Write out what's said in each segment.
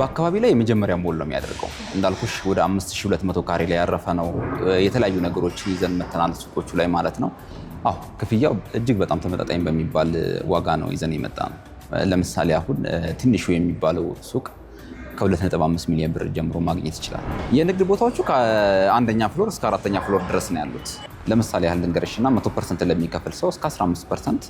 በአካባቢ ላይ የመጀመሪያ ሞል ነው የሚያደርገው። እንዳልኩሽ ወደ 5200 ካሬ ላይ ያረፈ ነው። የተለያዩ ነገሮችን ይዘን መተናል ሱቆቹ ላይ ማለት ነው። አዎ ክፍያው እጅግ በጣም ተመጣጣኝ በሚባል ዋጋ ነው ይዘን የመጣ ነው። ለምሳሌ አሁን ትንሹ የሚባለው ሱቅ ከ2.5 ሚሊዮን ብር ጀምሮ ማግኘት ይችላል። የንግድ ቦታዎቹ ከአንደኛ ፍሎር እስከ አራተኛ ፍሎር ድረስ ነው ያሉት። ለምሳሌ ያህል ልንገርሽና 100 ፐርሰንት ለሚከፍል ሰው እስከ 15 ፐርሰንት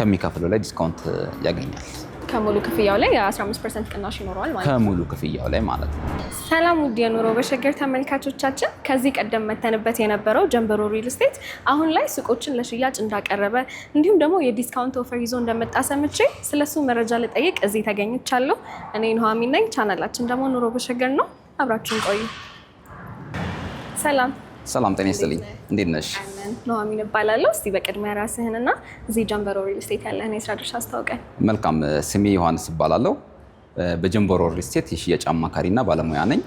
ከሚከፍለው ላይ ዲስካውንት ያገኛል። ከሙሉ ክፍያው ላይ የ15 ፐርሰንት ቅናሽ ይኖረዋል ማለት ነው። ከሙሉ ክፍያው ላይ ማለት ነው። ሰላም ውድ የኑሮ በሸገር ተመልካቾቻችን፣ ከዚህ ቀደም መተንበት የነበረው ጀንበሮ ሪል ስቴት አሁን ላይ ሱቆችን ለሽያጭ እንዳቀረበ እንዲሁም ደግሞ የዲስካውንት ኦፈር ይዞ እንደመጣ ሰምቼ ስለሱ መረጃ ልጠይቅ እዚህ ተገኝቻለሁ። እኔ ኑሃሚን ነኝ። ቻናላችን ደግሞ ኑሮ በሸገር ነው። አብራችን ቆዩ። ሰላም ሰላም ጤና ይስጥልኝ። እንዴት ነሽ? ኑሐሚን እባላለሁ። እስቲ በቅድሚያ ራስህንና እዚህ ጀንበሮ ሪል ስቴት ያለህን የስራ ድርሻ አስታውቀን። መልካም። ስሜ ዮሐንስ እባላለሁ። በጀንበሮ ሪል ስቴት የሽያጭ አማካሪና ባለሙያ ነኝ።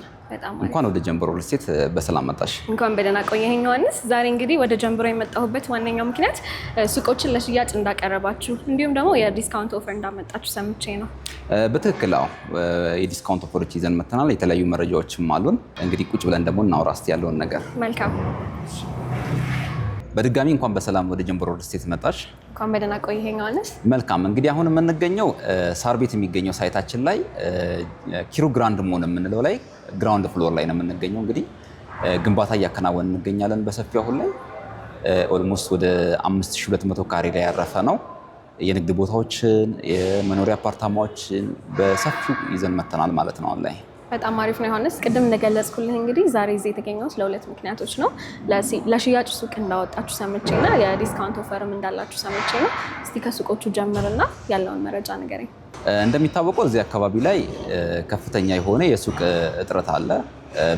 እንኳን ወደ ጀንበሮ ሪል በሰላም መጣሽ። እንኳን በደህና ቆየኸኝ ዮሐንስ። ዛሬ እንግዲህ ወደ ጀንበሮ የመጣሁበት ዋነኛው ምክንያት ሱቆችን ለሽያጭ እንዳቀረባችሁ እንዲሁም ደግሞ የዲስካውንት ኦፈር እንዳመጣችሁ ሰምቼ ነው። በትክክል አዎ፣ የዲስካውንት ኦፈሮች ይዘን መተናል። የተለያዩ መረጃዎችም አሉን። እንግዲህ ቁጭ ብለን ደግሞ እናውራ እስኪ ያለውን ነገር። መልካም በድጋሚ እንኳን በሰላም ወደ ጀንቦሮ ሪል ስቴት መጣሽ። እንኳን በደህና ቆየኸኝ መልካም እንግዲህ አሁን የምንገኘው ሳር ቤት የሚገኘው ሳይታችን ላይ ኪሩ ግራንድ ሞን የምንለው ላይ ግራውንድ ፍሎር ላይ ነው የምንገኘው። እንግዲህ ግንባታ እያከናወን እንገኛለን በሰፊው አሁን ላይ ኦልሞስት ወደ 5200 ካሬ ላይ ያረፈ ነው። የንግድ ቦታዎችን፣ የመኖሪያ አፓርታማዎችን በሰፊው ይዘን መተናል ማለት ነው አሁን ላይ በጣም አሪፍ ነው ዮሐንስ። ቅድም እንደገለጽኩልህ እንግዲህ ዛሬ እዚህ የተገኘሁት ለሁለት ምክንያቶች ነው። ለሽያጭ ሱቅ እንዳወጣችሁ ና የዲስካውንት ኦፈርም እንዳላችሁ ሰምቼ ነው። እስቲ ከሱቆቹ ጀምርና ያለውን መረጃ ንገረኝ። እንደሚታወቀው እዚህ አካባቢ ላይ ከፍተኛ የሆነ የሱቅ እጥረት አለ።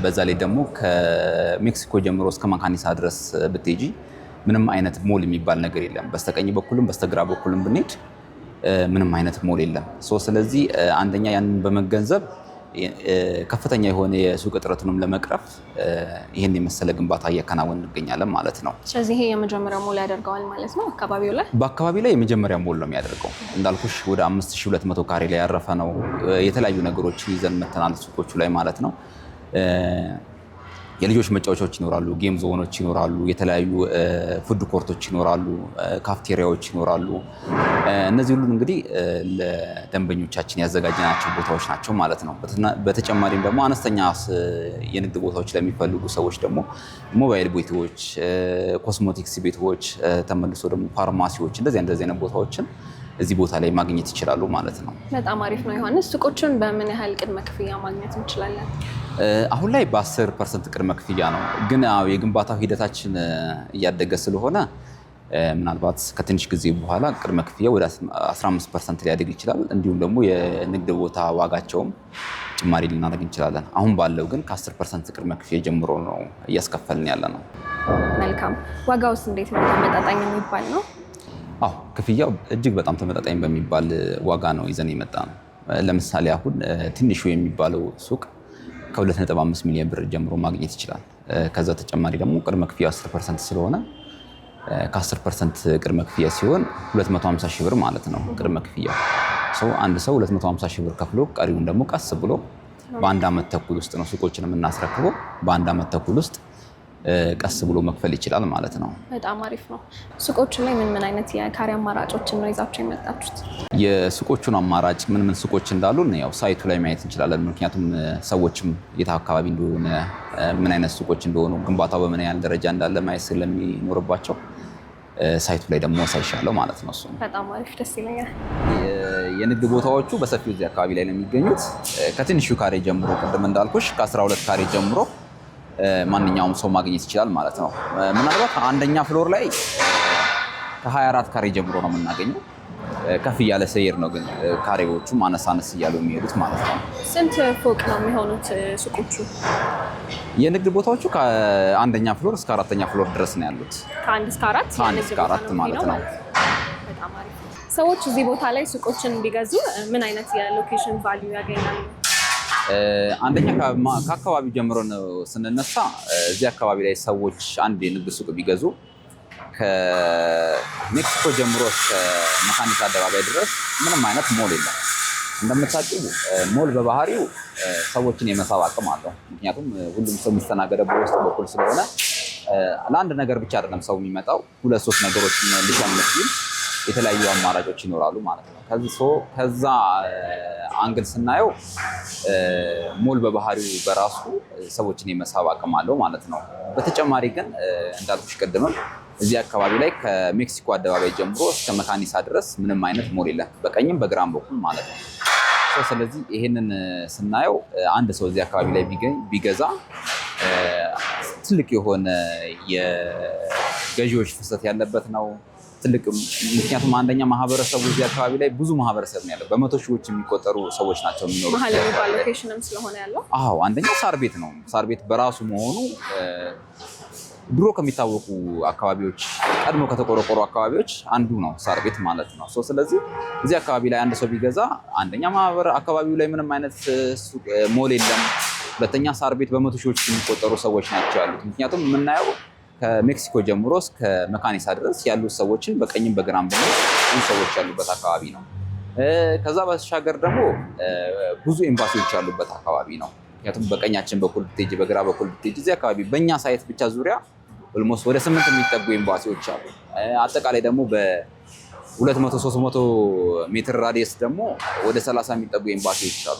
በዛ ላይ ደግሞ ከሜክሲኮ ጀምሮ እስከ ማካኒሳ ድረስ ብትሄጂ ምንም አይነት ሞል የሚባል ነገር የለም። በስተቀኝ በኩልም በስተግራ በኩልም ብንሄድ ምንም አይነት ሞል የለም። ስለዚህ አንደኛ ያንን በመገንዘብ ከፍተኛ የሆነ የሱቅ እጥረትንም ለመቅረፍ ይህን የመሰለ ግንባታ እያከናወን እንገኛለን ማለት ነው። ስለዚህ ይሄ የመጀመሪያ ሞል ያደርገዋል ማለት ነው። አካባቢው ላይ በአካባቢ ላይ የመጀመሪያ ሞል ነው የሚያደርገው። እንዳልኩሽ ወደ 5200 ካሬ ላይ ያረፈ ነው። የተለያዩ ነገሮችን ይዘን መተናል ሱቆቹ ላይ ማለት ነው። የልጆች መጫወቻዎች ይኖራሉ፣ ጌም ዞኖች ይኖራሉ፣ የተለያዩ ፉድ ኮርቶች ይኖራሉ፣ ካፍቴሪያዎች ይኖራሉ። እነዚህ ሁሉም እንግዲህ ለደንበኞቻችን ያዘጋጀናቸው ቦታዎች ናቸው ማለት ነው። በተጨማሪም ደግሞ አነስተኛ የንግድ ቦታዎች ለሚፈልጉ ሰዎች ደግሞ ሞባይል ቤቶች፣ ኮስሞቲክስ ቤቶች፣ ተመልሶ ደግሞ ፋርማሲዎች እንደዚህ እንደዚህ አይነት ቦታዎችን እዚህ ቦታ ላይ ማግኘት ይችላሉ ማለት ነው። በጣም አሪፍ ነው ዮሐንስ። ሱቆቹን በምን ያህል ቅድመ ክፍያ ማግኘት እንችላለን? አሁን ላይ በ10 ፐርሰንት ቅድመ ክፍያ ነው። ግን የግንባታው ሂደታችን እያደገ ስለሆነ ምናልባት ከትንሽ ጊዜ በኋላ ቅድመ ክፍያ ወደ 15 ፐርሰንት ሊያደግ ይችላል። እንዲሁም ደግሞ የንግድ ቦታ ዋጋቸውም ጭማሪ ልናደርግ እንችላለን። አሁን ባለው ግን ከ10 ፐርሰንት ቅድመ ክፍያ ጀምሮ ነው እያስከፈልን ያለ ነው። መልካም ዋጋውስ እንዴት ነው? ተመጣጣኝ የሚባል ነው? አዎ ክፍያው እጅግ በጣም ተመጣጣኝ በሚባል ዋጋ ነው ይዘን የመጣ ነው። ለምሳሌ አሁን ትንሹ የሚባለው ሱቅ ከ2.5 ሚሊዮን ብር ጀምሮ ማግኘት ይችላል። ከዛ ተጨማሪ ደግሞ ቅድመ ክፍያ 10 ፐርሰንት ስለሆነ ከ10 ፐርሰንት ቅድመ ክፍያ ሲሆን 250 ሺህ ብር ማለት ነው። ቅድመ ክፍያ ሰው አንድ ሰው 250 ሺህ ብር ከፍሎ ቀሪውን ደግሞ ቀስ ብሎ በአንድ ዓመት ተኩል ውስጥ ነው ሱቆችን የምናስረክበው። በአንድ ዓመት ተኩል ውስጥ ቀስ ብሎ መክፈል ይችላል ማለት ነው። በጣም አሪፍ ነው። ሱቆቹ ላይ ምን ምን አይነት የካሬ አማራጮችን ነው ይዛቸው የመጣችሁት? የሱቆቹን አማራጭ ምን ምን ሱቆች እንዳሉ ያው ሳይቱ ላይ ማየት እንችላለን። ምክንያቱም ሰዎችም የት አካባቢ እንደሆነ ምን አይነት ሱቆች እንደሆኑ ግንባታው በምን ያህል ደረጃ እንዳለ ማየት ስለሚኖርባቸው ሳይቱ ላይ ደግሞ ሳይሻለው ማለት ነው። እሱ በጣም አሪፍ ደስ ይለኛል። የንግድ ቦታዎቹ በሰፊው እዚህ አካባቢ ላይ ነው የሚገኙት። ከትንሹ ካሬ ጀምሮ ቅድም እንዳልኩሽ ከ12 ካሬ ጀምሮ ማንኛውም ሰው ማግኘት ይችላል ማለት ነው። ምናልባት አንደኛ ፍሎር ላይ ከ24 ካሬ ጀምሮ ነው የምናገኘው። ከፍ እያለ ሰይር ነው ግን ካሬዎቹም አነስ አነስ እያሉ የሚሄዱት ማለት ነው። ስንት ፎቅ ነው የሚሆኑት ሱቆቹ? የንግድ ቦታዎቹ ከአንደኛ ፍሎር እስከ አራተኛ ፍሎር ድረስ ነው ያሉት። ከአንድ እስከ አራት ከአንድ እስከ አራት ማለት ነው። ሰዎች እዚህ ቦታ ላይ ሱቆችን ቢገዙ ምን አይነት የሎኬሽን ቫሊዩ ያገኛሉ? አንደኛ ከአካባቢው ጀምሮ ነው ስንነሳ። እዚህ አካባቢ ላይ ሰዎች አንድ የንግድ ሱቅ ቢገዙ ከሜክሲኮ ጀምሮ እስከ መካኒት አደባባይ ድረስ ምንም አይነት ሞል የለም። እንደምታውቂው ሞል በባህሪው ሰዎችን የመሳብ አቅም አለው። ምክንያቱም ሁሉም ሰው የሚስተናገደው በውስጥ በኩል ስለሆነ ለአንድ ነገር ብቻ አይደለም ሰው የሚመጣው፣ ሁለት ሶስት ነገሮችን ሊሸምት የተለያዩ አማራጮች ይኖራሉ ማለት ነው። ከዛ አንግል ስናየው ሞል በባህሪው በራሱ ሰዎችን የመሳብ አቅም አለው ማለት ነው። በተጨማሪ ግን እንዳልኩሽ ቅድምም እዚህ አካባቢ ላይ ከሜክሲኮ አደባባይ ጀምሮ እስከ መካኒሳ ድረስ ምንም አይነት ሞል የለም፣ በቀኝም በግራም በኩል ማለት ነው። ስለዚህ ይሄንን ስናየው አንድ ሰው እዚህ አካባቢ ላይ ቢገዛ ትልቅ የሆነ የገዢዎች ፍሰት ያለበት ነው። ትልቅ ምክንያቱም አንደኛ ማህበረሰቡ እዚህ አካባቢ ላይ ብዙ ማህበረሰብ ነው ያለው። በመቶ ሺዎች የሚቆጠሩ ሰዎች ናቸው የሚኖሩ ስለሆነ ያለው አዎ፣ አንደኛ ሳር ቤት ነው። ሳር ቤት በራሱ መሆኑ ድሮ ከሚታወቁ አካባቢዎች ቀድሞ ከተቆረቆሩ አካባቢዎች አንዱ ነው ሳር ቤት ማለት ነው። ስለዚህ እዚህ አካባቢ ላይ አንድ ሰው ቢገዛ አንደኛ ማህበረ አካባቢው ላይ ምንም አይነት ሞል የለም። ሁለተኛ ሳር ቤት በመቶ ሺዎች የሚቆጠሩ ሰዎች ናቸው ያሉት። ምክንያቱም የምናየው ከሜክሲኮ ጀምሮ እስከ መካኒሳ ድረስ ያሉት ሰዎችን በቀኝም በግራም ብ ብዙ ሰዎች ያሉበት አካባቢ ነው። ከዛ በተሻገር ደግሞ ብዙ ኤምባሲዎች ያሉበት አካባቢ ነው። ምክንያቱም በቀኛችን በኩል ብትሄጂ፣ በግራ በኩል ብትሄጂ እዚህ አካባቢ በእኛ ሳይት ብቻ ዙሪያ ኦልሞስት ወደ ስምንት የሚጠጉ ኤምባሲዎች አሉ። አጠቃላይ ደግሞ በ መቶ ሶስት ሜትር ራዲየስ ደግሞ ወደ 30 የሚጠጉ ኤምባሲዎች አሉ።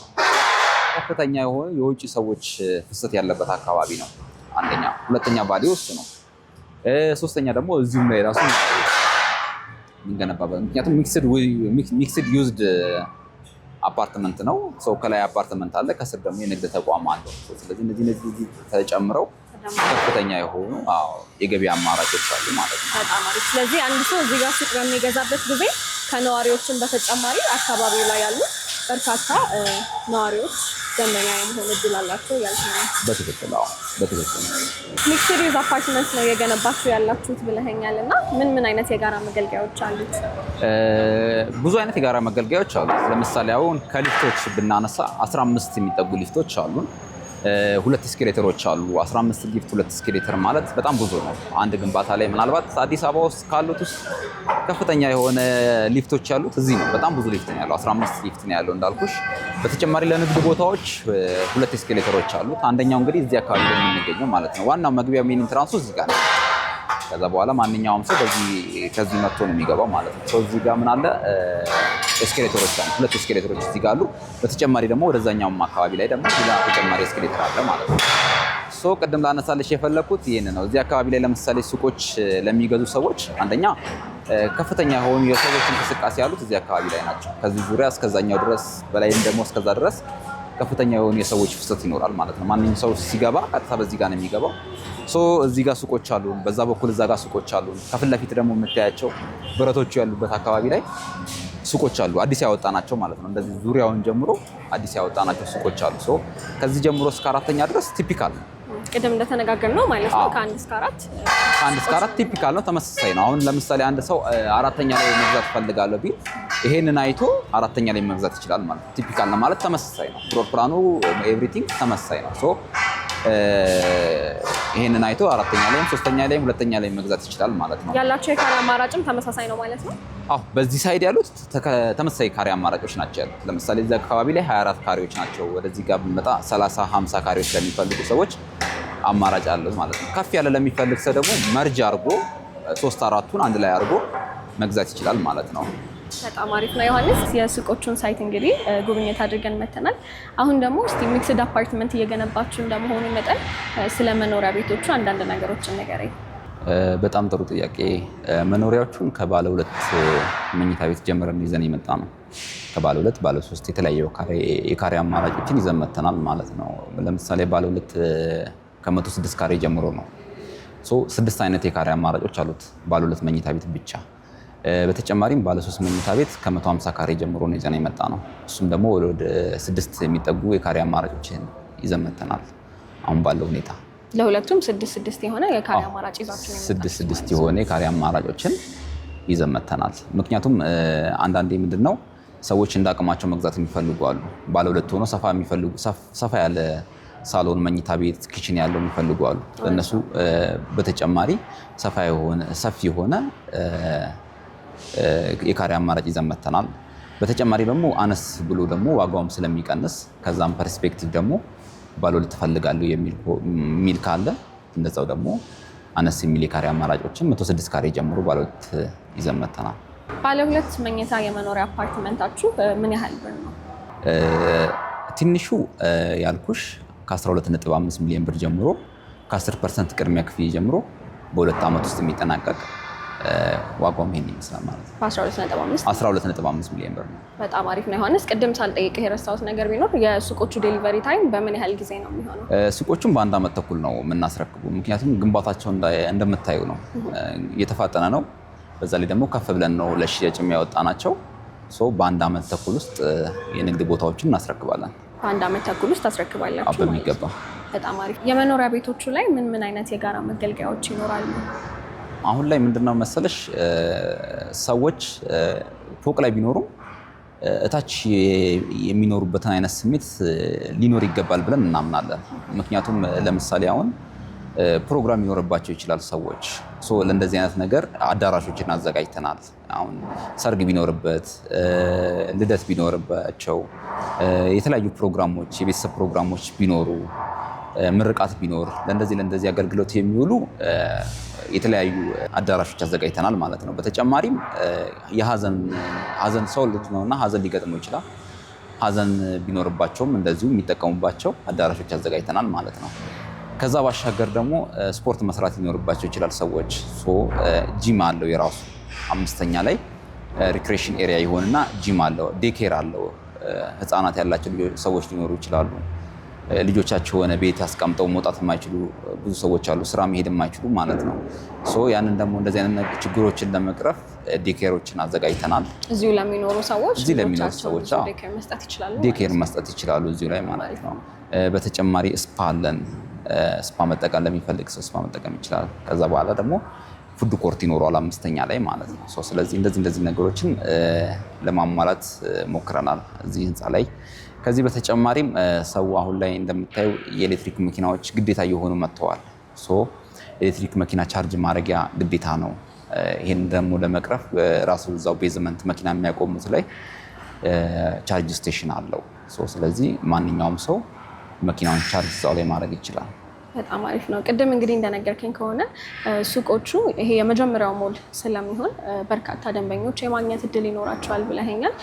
ከፍተኛ የሆኑ የውጭ ሰዎች ፍሰት ያለበት አካባቢ ነው። አንደኛ። ሁለተኛ ባዴ ውስጥ ነው። ሶስተኛ ደግሞ እዚሁም ላይ ራሱ የምንገነባበት ምክንያቱም ሚክስድ ዩዝድ አፓርትመንት ነው። ሰው ከላይ አፓርትመንት አለ፣ ከስር ደግሞ የንግድ ተቋም አለ። ስለዚህ እነዚህ እነዚህ ተጨምረው ከፍተኛ የሆኑ የገበያ አማራጮች አሉ ማለት ነው። በጣም አሪፍ። ስለዚህ አንድ ሰው እዚህ ጋር ሱቅ በሚገዛበት ጊዜ ከነዋሪዎችን በተጨማሪ አካባቢው ላይ ያሉት በርካታ ነዋሪዎች ደንበኛ የመሆን እድል አላቸው ያልኩ ነው። በትክክል አዎ፣ በትክክል ሚክስድ አፓርትመንት ነው የገነባችሁ ያላችሁት ብለኸኛል። እና ምን ምን አይነት የጋራ መገልገያዎች አሉት? ብዙ አይነት የጋራ መገልገያዎች አሉት። ለምሳሌ አሁን ከሊፍቶች ብናነሳ 15 የሚጠጉ ሊፍቶች አሉን። ሁለት እስኬሌተሮች አሉ። 15 ሊፍት ሁለት እስኬሌተር ማለት በጣም ብዙ ነው። አንድ ግንባታ ላይ ምናልባት አዲስ አበባ ውስጥ ካሉት ውስጥ ከፍተኛ የሆነ ሊፍቶች ያሉት እዚህ ነው። በጣም ብዙ ሊፍት ነው ያለው፣ 15 ሊፍት ነው ያለው እንዳልኩሽ። በተጨማሪ ለንግድ ቦታዎች ሁለት እስኬሌተሮች አሉት። አንደኛው እንግዲህ እዚህ አካባቢ ላይ የምንገኘው ማለት ነው። ዋናው መግቢያ ሜን ኢንትራንሱ እዚህ ጋር ነው። ከዛ በኋላ ማንኛውም ሰው ከዚህ መጥቶ ነው የሚገባው ማለት ነው። እዚህ ጋር ምን አለ ኤስኬሌተሮች አሉ። ሁለት ኤስኬሌተሮች እዚህ ጋር አሉ። በተጨማሪ ደግሞ ወደዛኛውም አካባቢ ላይ ደግሞ ሌላ ተጨማሪ ኤስኬሌተር አለ ማለት ነው። ሶ ቅድም ላነሳልሽ የፈለግኩት ይህን ነው። እዚህ አካባቢ ላይ ለምሳሌ ሱቆች ለሚገዙ ሰዎች አንደኛ ከፍተኛ የሆኑ የሰዎች እንቅስቃሴ ያሉት እዚህ አካባቢ ላይ ናቸው። ከዚህ ዙሪያ እስከዛኛው ድረስ በላይም ደግሞ እስከዛ ድረስ ከፍተኛ የሆኑ የሰዎች ፍሰት ይኖራል ማለት ነው። ማንኛውም ሰው ሲገባ ቀጥታ በዚህ ጋር ነው የሚገባው። ሶ እዚህ ጋር ሱቆች አሉ፣ በዛ በኩል እዛ ጋር ሱቆች አሉ። ከፊት ለፊት ደግሞ የምታያቸው ብረቶቹ ያሉበት አካባቢ ላይ ሱቆች አሉ፣ አዲስ ያወጣናቸው ማለት ነው። እንደዚህ ዙሪያውን ጀምሮ አዲስ ናቸው ሱቆች አሉ። ሶ ከዚህ ጀምሮ እስከ አራተኛ ድረስ ቲፒካል ነው። ቅድም እንደተነጋገር ነው ማለት ነው። ከአንድ እስከ አራት ከአንድ እስከ አራት ቲፒካል ነው፣ ተመሳሳይ ነው። አሁን ለምሳሌ አንድ ሰው አራተኛ ላይ መግዛት ፈልጋለሁ ቢል ይሄንን አይቶ አራተኛ ላይ መግዛት ይችላል ማለት ነው። ቲፒካል ነው ማለት ተመሳሳይ ነው። ፍሎር ፕላኑ ኤቭሪቲንግ ተመሳሳይ ነው። ሶ ይሄንን አይቶ አራተኛ ላይም ሶስተኛ ላይም ሁለተኛ ላይ መግዛት ይችላል ማለት ነው። ያላቸው የካሬ አማራጭም ተመሳሳይ ነው ማለት ነው። አዎ በዚህ ሳይድ ያሉት ተመሳሳይ ካሬ አማራጮች ናቸው ያሉት። ለምሳሌ እዚህ አካባቢ ላይ 24 ካሬዎች ናቸው። ወደዚህ ጋር ብንመጣ 30፣ 50 ካሬዎች ለሚፈልጉ ሰዎች አማራጭ አሉት ማለት ነው። ከፍ ያለ ለሚፈልግ ሰው ደግሞ መርጅ አድርጎ ሶስት አራቱን አንድ ላይ አድርጎ መግዛት ይችላል ማለት ነው። በጣም አሪፍ ነው ዮሐንስ። የሱቆቹን ሳይት እንግዲህ ጉብኝት አድርገን መተናል። አሁን ደግሞ እስቲ ሚክስድ አፓርትመንት እየገነባችሁ እንደመሆኑ መጠን ስለ መኖሪያ ቤቶቹ አንዳንድ ነገሮችን ንገረኝ። በጣም ጥሩ ጥያቄ። መኖሪያዎቹን ከባለ ሁለት መኝታ ቤት ጀምረን ይዘን የመጣ ነው። ከባለ ሁለት፣ ባለ ሶስት የተለያዩ የካሬ አማራጮችን ይዘን መተናል ማለት ነው። ለምሳሌ ባለ ሁለት ከመቶ ስድስት ካሬ ጀምሮ ነው። ስድስት አይነት የካሬ አማራጮች አሉት ባለ ሁለት መኝታ ቤት ብቻ በተጨማሪም ባለ ሶስት መኝታ ቤት ከ150 ካሬ ጀምሮ ነው ይዘን የመጣ ነው። እሱም ደግሞ ወደ ስድስት የሚጠጉ የካሬ አማራጮችን ይዘመተናል። አሁን ባለው ሁኔታ ለሁለቱም ስድስት ስድስት የሆነ የካሬ አማራጭ ስድስት ስድስት የሆነ አማራጮችን ይዘመተናል። ምክንያቱም አንዳንዴ ምንድን ነው ሰዎች እንደ አቅማቸው መግዛት የሚፈልጉ አሉ። ባለ ሁለት ሆኖ ሰፋ ያለ ሳሎን፣ መኝታ ቤት፣ ኪችን ያለው የሚፈልጉ አሉ። ለእነሱ በተጨማሪ ሰፋ የሆነ ሰፊ የሆነ የካሬ አማራጭ ይዘን መተናል። በተጨማሪ ደግሞ አነስ ብሎ ደግሞ ዋጋውም ስለሚቀንስ ከዛም ፐርስፔክቲቭ ደግሞ ባለወለድ ትፈልጋለሁ የሚል ካለ እንደዛው ደግሞ አነስ የሚል የካሬ አማራጮችን ስድስት ካሬ ጀምሮ ባለሁለት ይዘን መተናል። ባለሁለት መኝታ የመኖሪያ አፓርትመንታችሁ ምን ያህል ብር ነው? ትንሹ ያልኩሽ ከ12.5 ሚሊዮን ብር ጀምሮ ከ10 ፐርሰንት ቅድሚያ ክፍያ ጀምሮ በሁለት ዓመት ውስጥ የሚጠናቀቅ ዋጋውም ይሄን ይመስላል ማለት ነው። 12.5 ሚሊዮን ብር ነው። በጣም አሪፍ ነው። ዮሐንስ፣ ቅድም ሳልጠይቅህ የረሳሁት ነገር ቢኖር የሱቆቹ ዴሊቨሪ ታይም በምን ያህል ጊዜ ነው የሚሆነው? ሱቆቹም በአንድ አመት ተኩል ነው የምናስረክቡ። ምክንያቱም ግንባታቸው እንደምታዩ ነው፣ እየተፋጠነ ነው። በዛ ላይ ደግሞ ከፍ ብለን ነው ለሽያጭ የሚያወጣ ናቸው። በአንድ ዓመት ተኩል ውስጥ የንግድ ቦታዎችን እናስረክባለን። በአንድ ዓመት ተኩል ውስጥ ታስረክባላችሁ? በሚገባ። በጣም አሪፍ። የመኖሪያ ቤቶቹ ላይ ምን ምን አይነት የጋራ መገልገያዎች ይኖራሉ? አሁን ላይ ምንድነው መሰለሽ ሰዎች ፎቅ ላይ ቢኖሩም እታች የሚኖሩበትን አይነት ስሜት ሊኖር ይገባል ብለን እናምናለን። ምክንያቱም ለምሳሌ አሁን ፕሮግራም ሊኖርባቸው ይችላል ሰዎች። ለእንደዚህ አይነት ነገር አዳራሾችን አዘጋጅተናል። አሁን ሰርግ ቢኖርበት፣ ልደት ቢኖርባቸው፣ የተለያዩ ፕሮግራሞች፣ የቤተሰብ ፕሮግራሞች ቢኖሩ ምርቃት ቢኖር ለእንደዚህ ለእንደዚህ አገልግሎት የሚውሉ የተለያዩ አዳራሾች አዘጋጅተናል ማለት ነው። በተጨማሪም የሀዘን ሰው ልት ነውና ሀዘን ሊገጥመው ይችላል። ሀዘን ቢኖርባቸውም እንደዚሁ የሚጠቀሙባቸው አዳራሾች አዘጋጅተናል ማለት ነው። ከዛ ባሻገር ደግሞ ስፖርት መስራት ሊኖርባቸው ይችላል ሰዎች። ጂም አለው የራሱ አምስተኛ ላይ ሪክሬሽን ኤሪያ ይሆንና ጂም አለው፣ ዴኬር አለው። ህፃናት ያላቸው ሰዎች ሊኖሩ ይችላሉ። ልጆቻቸው የሆነ ቤት አስቀምጠው መውጣት የማይችሉ ብዙ ሰዎች አሉ፣ ስራ መሄድ የማይችሉ ማለት ነው። ያንን ደግሞ እንደዚህ አይነት ችግሮችን ለመቅረፍ ዴኬሮችን አዘጋጅተናል። እዚሁ ለሚኖሩ ሰዎች እዚሁ ለሚኖሩ ሰዎች ዴኬር መስጠት ይችላሉ፣ እዚሁ ላይ ማለት ነው። በተጨማሪ ስፓ አለን። ስፓ መጠቀም ለሚፈልግ ሰው ስፓ መጠቀም ይችላል። ከዛ በኋላ ደግሞ ፉድ ኮርት ይኖረዋል አምስተኛ ላይ ማለት ነው። ስለዚህ እንደዚህ እንደዚህ ነገሮችን ለማሟላት ሞክረናል እዚህ ህንፃ ላይ ከዚህ በተጨማሪም ሰው አሁን ላይ እንደምታዩ የኤሌክትሪክ መኪናዎች ግዴታ እየሆኑ መጥተዋል። ሶ ኤሌክትሪክ መኪና ቻርጅ ማድረጊያ ግዴታ ነው። ይህን ደግሞ ለመቅረፍ ራሱ እዛው ቤዝመንት መኪና የሚያቆሙት ላይ ቻርጅ ስቴሽን አለው። ስለዚህ ማንኛውም ሰው መኪናውን ቻርጅ እዛው ላይ ማድረግ ይችላል። በጣም አሪፍ ነው። ቅድም እንግዲህ እንደነገርከኝ ከሆነ ሱቆቹ ይሄ የመጀመሪያው ሞል ስለሚሆን በርካታ ደንበኞች የማግኘት እድል ይኖራቸዋል ብለኸኛል።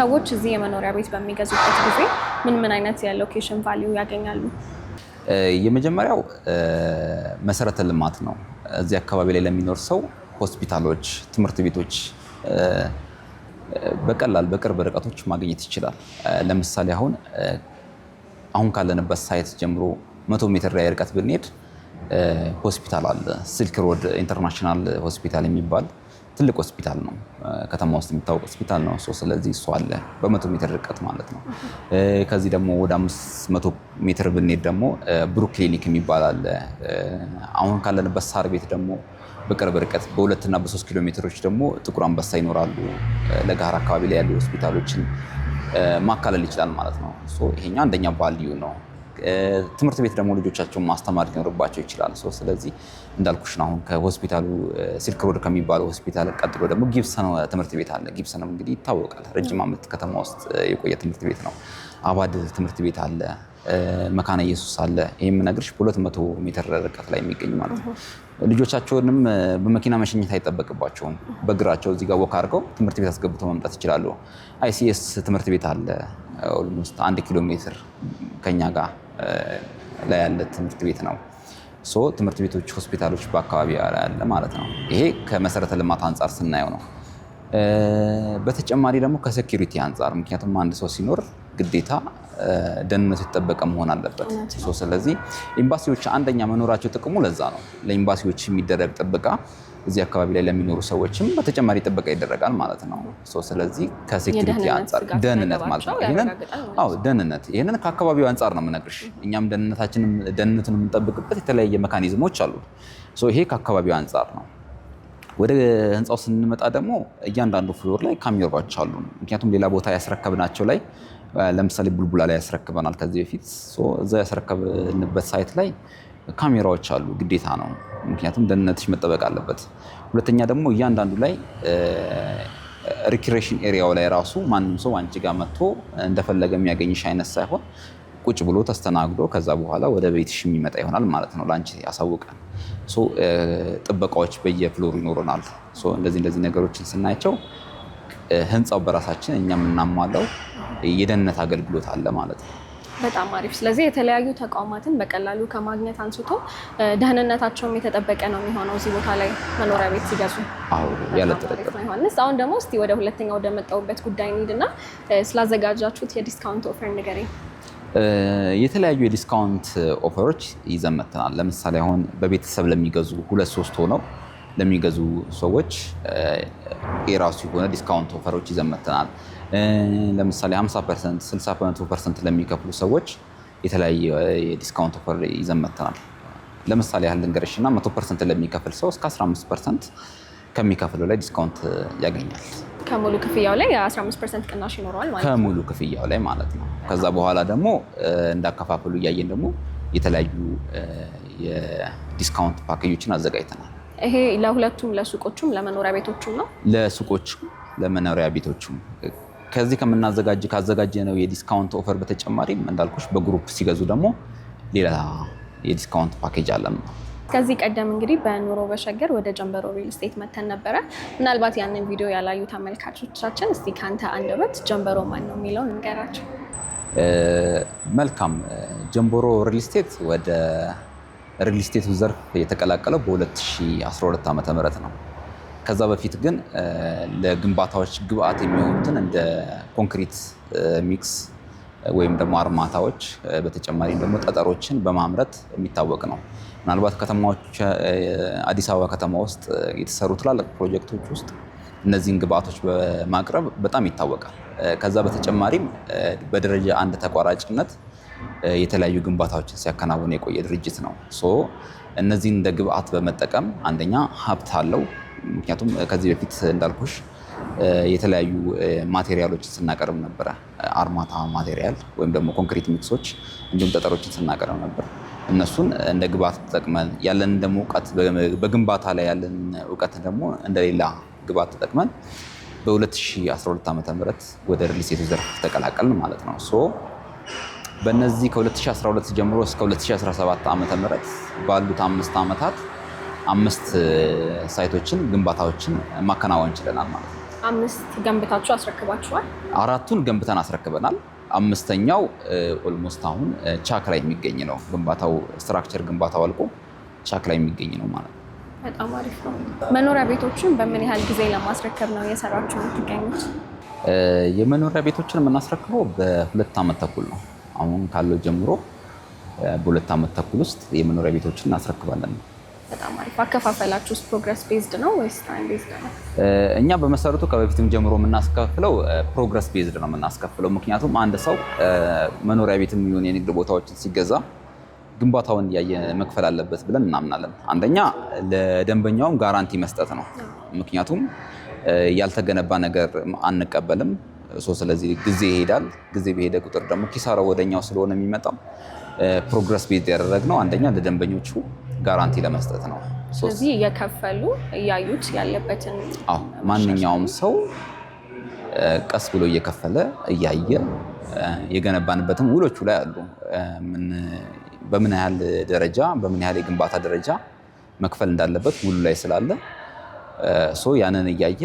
ሰዎች እዚህ የመኖሪያ ቤት በሚገዙበት ጊዜ ምን ምን አይነት የሎኬሽን ቫሊዩ ያገኛሉ? የመጀመሪያው መሰረተ ልማት ነው። እዚህ አካባቢ ላይ ለሚኖር ሰው ሆስፒታሎች፣ ትምህርት ቤቶች በቀላል በቅርብ ርቀቶች ማግኘት ይችላል። ለምሳሌ አሁን አሁን ካለንበት ሳይት ጀምሮ መቶ ሜትር ላይ ርቀት ብንሄድ ሆስፒታል አለ። ስልክ ሮድ ኢንተርናሽናል ሆስፒታል የሚባል ትልቅ ሆስፒታል ነው። ከተማ ውስጥ የሚታወቅ ሆስፒታል ነው። ስለዚህ እሱ አለ በመቶ ሜትር ርቀት ማለት ነው። ከዚህ ደግሞ ወደ አምስት መቶ ሜትር ብንሄድ ደግሞ ብሩክ ክሊኒክ የሚባል አለ። አሁን ካለንበት ሳር ቤት ደግሞ በቅርብ ርቀት በሁለትና በሶስት ኪሎ ሜትሮች ደግሞ ጥቁር አንበሳ ይኖራሉ። ለጋር አካባቢ ላይ ያሉ ሆስፒታሎችን ማካለል ይችላል ማለት ነው። ይሄኛ አንደኛ ቫልዩ ነው። ትምህርት ቤት ደግሞ ልጆቻቸውን ማስተማር ሊኖርባቸው ይችላል። ስለዚህ እንዳልኩሽ አሁን ከሆስፒታሉ ሲልክ ሮድ ከሚባለው ሆስፒታል ቀጥሎ ደግሞ ጊብሰን ትምህርት ቤት አለ። ጊብሰንም እንግዲህ ይታወቃል። ረጅም ዓመት ከተማ ውስጥ የቆየ ትምህርት ቤት ነው። አባድ ትምህርት ቤት አለ። መካነ ኢየሱስ አለ። ይህም የምነግርሽ በሁለት መቶ ሜትር ርቀት ላይ የሚገኝ ማለት ነው። ልጆቻቸውንም በመኪና መሸኘት አይጠበቅባቸውም። በእግራቸው እዚጋ ጋር ወክ አድርገው ትምህርት ቤት አስገብተው መምጣት ይችላሉ። አይሲኤስ ትምህርት ቤት አለ። ኦልሞስት አንድ ኪሎ ሜትር ከኛ ጋር ላይ ያለ ትምህርት ቤት ነው። ሶ ትምህርት ቤቶች፣ ሆስፒታሎች በአካባቢ ያለ ማለት ነው። ይሄ ከመሰረተ ልማት አንጻር ስናየው ነው። በተጨማሪ ደግሞ ከሴኪሪቲ አንጻር ምክንያቱም አንድ ሰው ሲኖር ግዴታ ደህንነቱ የተጠበቀ መሆን አለበት። ስለዚህ ኤምባሲዎች አንደኛ መኖራቸው ጥቅሙ ለዛ ነው። ለኤምባሲዎች የሚደረግ ጥበቃ እዚህ አካባቢ ላይ ለሚኖሩ ሰዎችም በተጨማሪ ጥበቃ ይደረጋል ማለት ነው። ስለዚህ ከሴኪሪቲ አንጻር ደህንነት ማለት ነው። አዎ ደህንነት ይህንን ከአካባቢው አንጻር ነው የምነግርሽ። እኛም ደህንነታችንም ደህንነትን የምንጠብቅበት የተለያየ መካኒዝሞች አሉ። ይሄ ከአካባቢው አንጻር ነው። ወደ ህንፃው ስንመጣ ደግሞ እያንዳንዱ ፍሎር ላይ ካሜራዎች አሉ። ምክንያቱም ሌላ ቦታ ያስረከብናቸው ላይ ለምሳሌ ቡልቡላ ላይ ያስረክበናል ከዚህ በፊት እዛ ያስረከብንበት ሳይት ላይ ካሜራዎች አሉ፣ ግዴታ ነው ምክንያቱም ደህንነትሽ መጠበቅ አለበት። ሁለተኛ ደግሞ እያንዳንዱ ላይ ሪክሬሽን ኤሪያው ላይ ራሱ ማንም ሰው አንቺ ጋር መጥቶ እንደፈለገ የሚያገኝሽ አይነት ሳይሆን ቁጭ ብሎ ተስተናግዶ ከዛ በኋላ ወደ ቤትሽ የሚመጣ ይሆናል ማለት ነው። ለአንቺ ያሳውቃል። ጥበቃዎች በየፍሎሩ ይኖሩናል። እንደዚህ እንደዚህ ነገሮችን ስናያቸው ህንፃው በራሳችን እኛ የምናሟላው የደህንነት አገልግሎት አለ ማለት ነው። በጣም አሪፍ። ስለዚህ የተለያዩ ተቋማትን በቀላሉ ከማግኘት አንስቶ ደህንነታቸውም የተጠበቀ ነው የሚሆነው እዚህ ቦታ ላይ መኖሪያ ቤት ሲገዙ። ዮሐንስ፣ አሁን ደግሞ እስኪ ወደ ሁለተኛ ወደ መጣሁበት ጉዳይ እንሂድና ስላዘጋጃችሁት የዲስካውንት ኦፈር ንገረኝ። የተለያዩ የዲስካውንት ኦፈሮች ይዘን መጥተናል። ለምሳሌ አሁን በቤተሰብ ለሚገዙ ሁለት ሶስት ሆነው ለሚገዙ ሰዎች የራሱ የሆነ ዲስካውንት ኦፈሮች ይዘን መጥተናል። ለምሳሌ 50 ፐርሰንት 60 ፐርሰንት ለሚከፍሉ ሰዎች የተለያየ የዲስካውንት ኦፈር ይዘን መጥተናል። ለምሳሌ ያህል ልንገርሽ እና 100 ፐርሰንት ለሚከፍል ሰው እስከ 15 ፐርሰንት ከሚከፍለው ላይ ዲስካውንት ያገኛል። ከሙሉ ክፍያው ላይ የ15 ፐርሰንት ቅናሽ ይኖረዋል ማለት ነው። ከሙሉ ክፍያው ላይ ማለት ነው። ከዛ በኋላ ደግሞ እንዳከፋፈሉ እያየን ደግሞ የተለያዩ የዲስካውንት ፓኬጆችን አዘጋጅተናል። ይሄ ለሁለቱም ለሱቆቹም ለመኖሪያ ቤቶቹም ነው። ለሱቆቹ ለመኖሪያ ቤቶቹም ከዚህ ከምናዘጋጅ ካዘጋጀ ነው የዲስካውንት ኦፈር በተጨማሪም እንዳልኩሽ በግሩፕ ሲገዙ ደግሞ ሌላ የዲስካውንት ፓኬጅ አለም ነው። ከዚህ ቀደም እንግዲህ በኑሮ በሸገር ወደ ጀንበሮ ሪል ስቴት መተን ነበረ። ምናልባት ያንን ቪዲዮ ያላዩ ተመልካቾቻችን እስቲ ከአንተ አንደበት ጀንበሮ ማን ነው የሚለውን እንገራቸው። መልካም ጀንበሮ ሪል ስቴት ወደ ሪል ስቴቱ ዘርፍ የተቀላቀለው በ2012 ዓ ም ነው ከዛ በፊት ግን ለግንባታዎች ግብአት የሚሆኑትን እንደ ኮንክሪት ሚክስ ወይም ደግሞ አርማታዎች በተጨማሪም ደግሞ ጠጠሮችን በማምረት የሚታወቅ ነው። ምናልባት ከተማዎች አዲስ አበባ ከተማ ውስጥ የተሰሩ ትላልቅ ፕሮጀክቶች ውስጥ እነዚህን ግብአቶች በማቅረብ በጣም ይታወቃል። ከዛ በተጨማሪም በደረጃ አንድ ተቋራጭነት የተለያዩ ግንባታዎችን ሲያከናውን የቆየ ድርጅት ነው። ሶ እነዚህን እንደ ግብአት በመጠቀም አንደኛ ሀብት አለው። ምክንያቱም ከዚህ በፊት እንዳልኩሽ የተለያዩ ማቴሪያሎችን ስናቀርብ ነበረ። አርማታ ማቴሪያል ወይም ደግሞ ኮንክሪት ሚክሶች እንዲሁም ጠጠሮችን ስናቀርብ ነበር። እነሱን እንደ ግብዓት ተጠቅመን ያለንን ደግሞ እውቀት በግንባታ ላይ ያለን እውቀት ደግሞ እንደሌላ ግብዓት ተጠቅመን በ2012 ዓ ም ወደ ሪልስቴቱ ዘርፍ ተቀላቀልን ማለት ነው። ሶ በእነዚህ ከ2012 ጀምሮ እስከ 2017 ዓ ም ባሉት አምስት ዓመታት አምስት ሳይቶችን ግንባታዎችን ማከናወን ችለናል ማለት ነው። አምስት ገንብታችሁ አስረክባችኋል? አራቱን ገንብተን አስረክበናል። አምስተኛው ኦልሞስት አሁን ቻክ ላይ የሚገኝ ነው። ግንባታው ስትራክቸር ግንባታው አልቆ ቻክ ላይ የሚገኝ ነው ማለት ነው። በጣም አሪፍ ነው። መኖሪያ ቤቶችን በምን ያህል ጊዜ ለማስረከብ ነው የሰራችሁ የምትገኙት? የመኖሪያ ቤቶችን የምናስረክበው በሁለት ዓመት ተኩል ነው። አሁን ካለው ጀምሮ በሁለት ዓመት ተኩል ውስጥ የመኖሪያ ቤቶችን እናስረክባለን ነው በጣም አሪፍ። አከፋፈላችሁ ፕሮግረስ ቤዝድ ነው ወይስ ታይም ቤዝድ ነው? እኛ በመሰረቱ ከበፊትም ጀምሮ የምናስከፍለው ፕሮግረስ ቤዝድ ነው የምናስከፍለው። ምክንያቱም አንድ ሰው መኖሪያ ቤትም ይሁን የንግድ ቦታዎችን ሲገዛ ግንባታውን እያየ መክፈል አለበት ብለን እናምናለን። አንደኛ ለደንበኛውም ጋራንቲ መስጠት ነው። ምክንያቱም ያልተገነባ ነገር አንቀበልም። ስለዚህ ጊዜ ይሄዳል። ጊዜ በሄደ ቁጥር ደግሞ ኪሳራው ወደኛው ስለሆነ የሚመጣው ፕሮግረስ ቤዝድ ያደረግነው አንደኛ ለደንበኞቹ ጋራንቲ ለመስጠት ነው። ስለዚህ እየከፈሉ እያዩት ያለበትን ማንኛውም ሰው ቀስ ብሎ እየከፈለ እያየ የገነባንበትም ውሎቹ ላይ አሉ። በምን ያህል ደረጃ በምን ያህል የግንባታ ደረጃ መክፈል እንዳለበት ውሉ ላይ ስላለ ሶ ያንን እያየ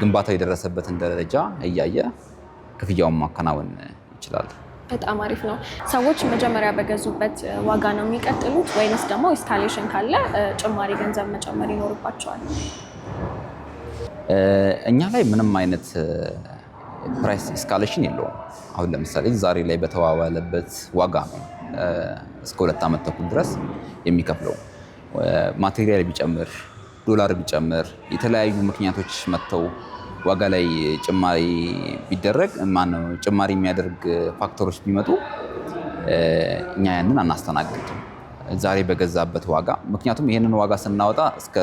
ግንባታው የደረሰበትን ደረጃ እያየ ክፍያውን ማከናወን ይችላል። በጣም አሪፍ ነው። ሰዎች መጀመሪያ በገዙበት ዋጋ ነው የሚቀጥሉት ወይንስ ደግሞ ኢንስታሌሽን ካለ ጭማሪ ገንዘብ መጨመር ይኖርባቸዋል? እኛ ላይ ምንም አይነት ፕራይስ ኢስካሌሽን የለውም። አሁን ለምሳሌ ዛሬ ላይ በተዋዋለበት ዋጋ ነው እስከ ሁለት ዓመት ተኩል ድረስ የሚከፍለው። ማቴሪያል ቢጨምር ዶላር ቢጨምር የተለያዩ ምክንያቶች መጥተው ዋጋ ላይ ጭማሪ ቢደረግ ማነው ጭማሪ የሚያደርግ ፋክተሮች ቢመጡ እኛ ያንን አናስተናግድም ዛሬ በገዛበት ዋጋ። ምክንያቱም ይህንን ዋጋ ስናወጣ እስከ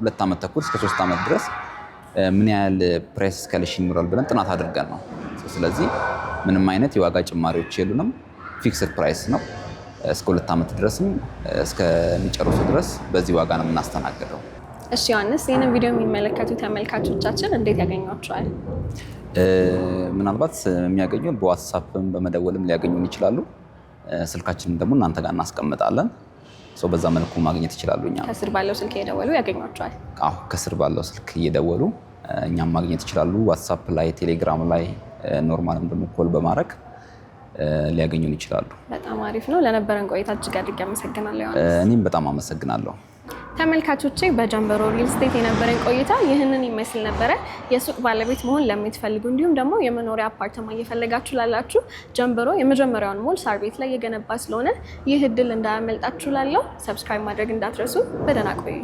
ሁለት ዓመት ተኩል እስከ ሶስት ዓመት ድረስ ምን ያህል ፕራይስ እስካሌሽን ይኖራል ብለን ጥናት አድርገን ነው። ስለዚህ ምንም አይነት የዋጋ ጭማሪዎች የሉንም። ፊክስድ ፕራይስ ነው። እስከ ሁለት ዓመት ድረስም እስከሚጨርሱ ድረስ በዚህ ዋጋ ነው የምናስተናግደው። እሺ ዮሐንስ፣ ይህንን ቪዲዮ የሚመለከቱ ተመልካቾቻችን እንዴት ያገኟቸዋል? ምናልባት የሚያገኙ በዋትሳፕም በመደወልም ሊያገኙን ይችላሉ። ስልካችንን ደግሞ እናንተ ጋር እናስቀምጣለን። ሰው በዛ መልኩ ማግኘት ይችላሉ። እኛ ከስር ባለው ስልክ እየደወሉ ያገኟቸዋል። ከስር ባለው ስልክ እየደወሉ እኛም ማግኘት ይችላሉ። ዋትሳፕ ላይ፣ ቴሌግራም ላይ ኖርማልም ደግሞ ኮል በማድረግ ሊያገኙን ይችላሉ። በጣም አሪፍ ነው። ለነበረን ቆይታ እጅግ አድርጌ አመሰግናለሁ። እኔም በጣም አመሰግናለሁ። ተመልካቾቼ በጀንበሮ ሪል ስቴት የነበረን ቆይታ ይህንን ይመስል ነበረ። የሱቅ ባለቤት መሆን ለምትፈልጉ እንዲሁም ደግሞ የመኖሪያ አፓርታማ እየፈለጋችሁ ላላችሁ ጀንበሮ የመጀመሪያውን ሞል ሳር ቤት ላይ የገነባ ስለሆነ ይህ እድል እንዳያመልጣችሁ። ላለው ሰብስክራይብ ማድረግ እንዳትረሱ። በደህና ቆዩ።